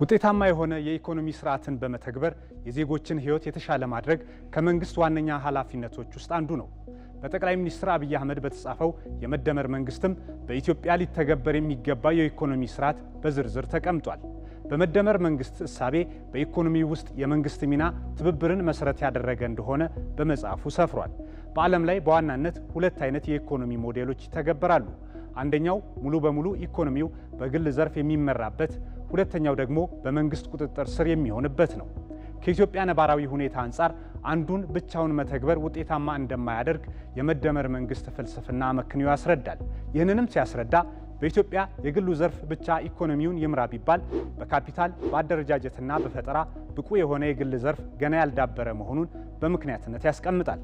ውጤታማ የሆነ የኢኮኖሚ ስርዓትን በመተግበር የዜጎችን ህይወት የተሻለ ማድረግ ከመንግስት ዋነኛ ኃላፊነቶች ውስጥ አንዱ ነው። በጠቅላይ ሚኒስትር አብይ አህመድ በተጻፈው የመደመር መንግስትም በኢትዮጵያ ሊተገበር የሚገባ የኢኮኖሚ ስርዓት በዝርዝር ተቀምጧል። በመደመር መንግስት እሳቤ በኢኮኖሚ ውስጥ የመንግስት ሚና ትብብርን መሰረት ያደረገ እንደሆነ በመጽሐፉ ሰፍሯል። በዓለም ላይ በዋናነት ሁለት አይነት የኢኮኖሚ ሞዴሎች ይተገበራሉ። አንደኛው ሙሉ በሙሉ ኢኮኖሚው በግል ዘርፍ የሚመራበት ሁለተኛው ደግሞ በመንግስት ቁጥጥር ስር የሚሆንበት ነው። ከኢትዮጵያ ነባራዊ ሁኔታ አንጻር አንዱን ብቻውን መተግበር ውጤታማ እንደማያደርግ የመደመር መንግስት ፍልስፍና አመክንዮ ያስረዳል። ይህንንም ሲያስረዳ በኢትዮጵያ የግሉ ዘርፍ ብቻ ኢኮኖሚውን ይምራ ቢባል በካፒታል በአደረጃጀትና በፈጠራ ብቁ የሆነ የግል ዘርፍ ገና ያልዳበረ መሆኑን በምክንያትነት ያስቀምጣል።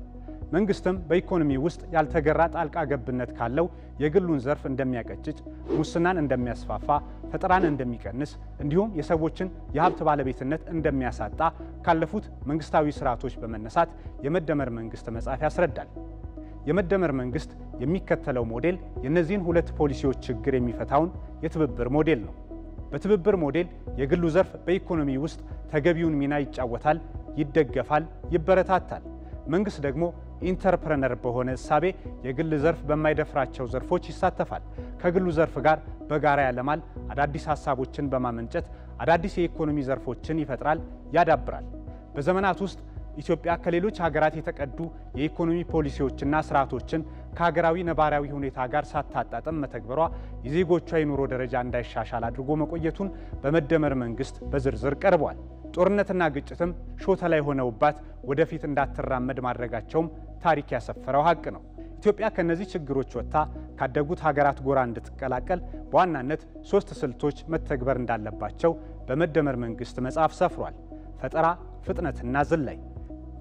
መንግስትም በኢኮኖሚ ውስጥ ያልተገራ ጣልቃ ገብነት ካለው የግሉን ዘርፍ እንደሚያቀጭጭ፣ ሙስናን እንደሚያስፋፋ፣ ፈጠራን እንደሚቀንስ እንዲሁም የሰዎችን የሀብት ባለቤትነት እንደሚያሳጣ ካለፉት መንግስታዊ ስርዓቶች በመነሳት የመደመር መንግስት መጽሐፍ ያስረዳል። የመደመር መንግስት የሚከተለው ሞዴል የእነዚህን ሁለት ፖሊሲዎች ችግር የሚፈታውን የትብብር ሞዴል ነው። በትብብር ሞዴል የግሉ ዘርፍ በኢኮኖሚ ውስጥ ተገቢውን ሚና ይጫወታል፣ ይደገፋል፣ ይበረታታል። መንግስት ደግሞ ኢንተርፕረነር በሆነ እሳቤ የግል ዘርፍ በማይደፍራቸው ዘርፎች ይሳተፋል። ከግሉ ዘርፍ ጋር በጋራ ያለማል። አዳዲስ ሀሳቦችን በማመንጨት አዳዲስ የኢኮኖሚ ዘርፎችን ይፈጥራል፣ ያዳብራል። በዘመናት ውስጥ ኢትዮጵያ ከሌሎች ሀገራት የተቀዱ የኢኮኖሚ ፖሊሲዎችና ስርዓቶችን ከሀገራዊ ነባራዊ ሁኔታ ጋር ሳታጣጠም መተግበሯ የዜጎቿ የኑሮ ደረጃ እንዳይሻሻል አድርጎ መቆየቱን በመደመር መንግስት በዝርዝር ቀርቧል። ጦርነትና ግጭትም ሾተ ላይ ሆነውባት ወደፊት እንዳትራመድ ማድረጋቸውም ታሪክ ያሰፈረው ሀቅ ነው። ኢትዮጵያ ከነዚህ ችግሮች ወጥታ ካደጉት ሀገራት ጎራ እንድትቀላቀል በዋናነት ሶስት ስልቶች መተግበር እንዳለባቸው በመደመር መንግስት መጽሐፍ ሰፍሯል። ፈጠራ፣ ፍጥነትና ዝላይ።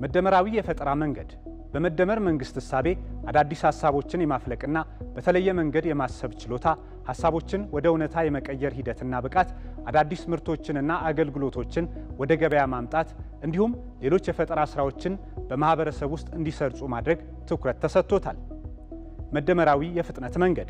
መደመራዊ የፈጠራ መንገድ በመደመር መንግስት እሳቤ አዳዲስ ሀሳቦችን የማፍለቅና በተለየ መንገድ የማሰብ ችሎታ፣ ሀሳቦችን ወደ እውነታ የመቀየር ሂደትና ብቃት፣ አዳዲስ ምርቶችንና አገልግሎቶችን ወደ ገበያ ማምጣት እንዲሁም ሌሎች የፈጠራ ስራዎችን በማህበረሰብ ውስጥ እንዲሰርጹ ማድረግ ትኩረት ተሰጥቶታል። መደመራዊ የፍጥነት መንገድ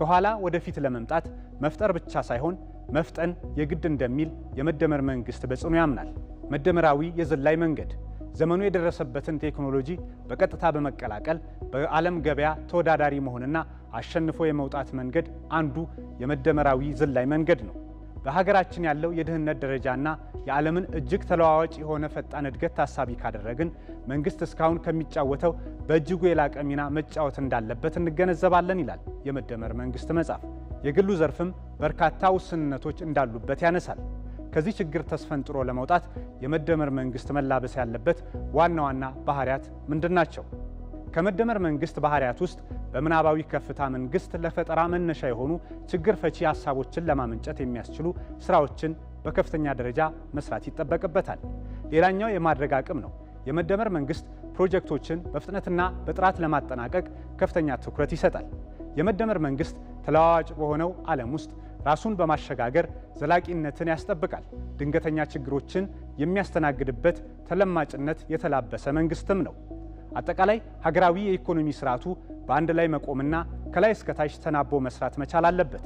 ከኋላ ወደፊት ለመምጣት መፍጠር ብቻ ሳይሆን መፍጠን የግድ እንደሚል የመደመር መንግስት በጽኑ ያምናል። መደመራዊ የዝላይ መንገድ ዘመኑ የደረሰበትን ቴክኖሎጂ በቀጥታ በመቀላቀል በዓለም ገበያ ተወዳዳሪ መሆንና አሸንፎ የመውጣት መንገድ አንዱ የመደመራዊ ዝላይ መንገድ ነው። በሀገራችን ያለው የድህነት ደረጃና የዓለምን እጅግ ተለዋዋጭ የሆነ ፈጣን እድገት ታሳቢ ካደረግን መንግስት እስካሁን ከሚጫወተው በእጅጉ የላቀ ሚና መጫወት እንዳለበት እንገነዘባለን ይላል የመደመር መንግስት መጽሐፍ። የግሉ ዘርፍም በርካታ ውስንነቶች እንዳሉበት ያነሳል። ከዚህ ችግር ተስፈንጥሮ ለመውጣት የመደመር መንግስት መላበስ ያለበት ዋና ዋና ባህሪያት ምንድን ናቸው? ከመደመር መንግስት ባህሪያት ውስጥ በምናባዊ ከፍታ መንግስት ለፈጠራ መነሻ የሆኑ ችግር ፈቺ ሀሳቦችን ለማመንጨት የሚያስችሉ ስራዎችን በከፍተኛ ደረጃ መስራት ይጠበቅበታል። ሌላኛው የማድረግ አቅም ነው። የመደመር መንግስት ፕሮጀክቶችን በፍጥነትና በጥራት ለማጠናቀቅ ከፍተኛ ትኩረት ይሰጣል። የመደመር መንግስት ተለዋዋጭ በሆነው ዓለም ውስጥ ራሱን በማሸጋገር ዘላቂነትን ያስጠብቃል። ድንገተኛ ችግሮችን የሚያስተናግድበት ተለማጭነት የተላበሰ መንግስትም ነው። አጠቃላይ ሀገራዊ የኢኮኖሚ ስርዓቱ በአንድ ላይ መቆምና ከላይ እስከታች ተናቦ መስራት መቻል አለበት።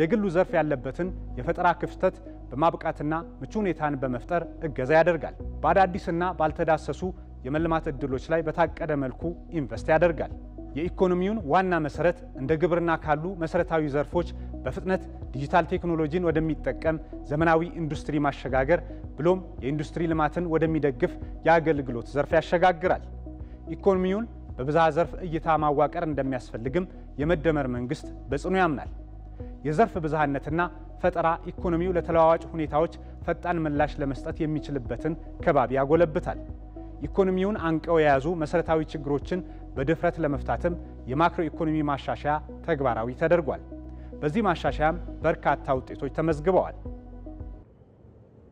የግሉ ዘርፍ ያለበትን የፈጠራ ክፍተት በማብቃትና ምቹ ሁኔታን በመፍጠር እገዛ ያደርጋል። በአዳዲስና ባልተዳሰሱ የመልማት እድሎች ላይ በታቀደ መልኩ ኢንቨስት ያደርጋል። የኢኮኖሚውን ዋና መሰረት እንደ ግብርና ካሉ መሰረታዊ ዘርፎች በፍጥነት ዲጂታል ቴክኖሎጂን ወደሚጠቀም ዘመናዊ ኢንዱስትሪ ማሸጋገር ብሎም የኢንዱስትሪ ልማትን ወደሚደግፍ የአገልግሎት ዘርፍ ያሸጋግራል። ኢኮኖሚውን በብዝሃ ዘርፍ እይታ ማዋቀር እንደሚያስፈልግም የመደመር መንግስት በጽኑ ያምናል። የዘርፍ ብዝሃነትና ፈጠራ ኢኮኖሚው ለተለዋዋጭ ሁኔታዎች ፈጣን ምላሽ ለመስጠት የሚችልበትን ከባቢ ያጎለብታል። ኢኮኖሚውን አንቀው የያዙ መሰረታዊ ችግሮችን በድፍረት ለመፍታትም የማክሮ ኢኮኖሚ ማሻሻያ ተግባራዊ ተደርጓል። በዚህ ማሻሻያም በርካታ ውጤቶች ተመዝግበዋል።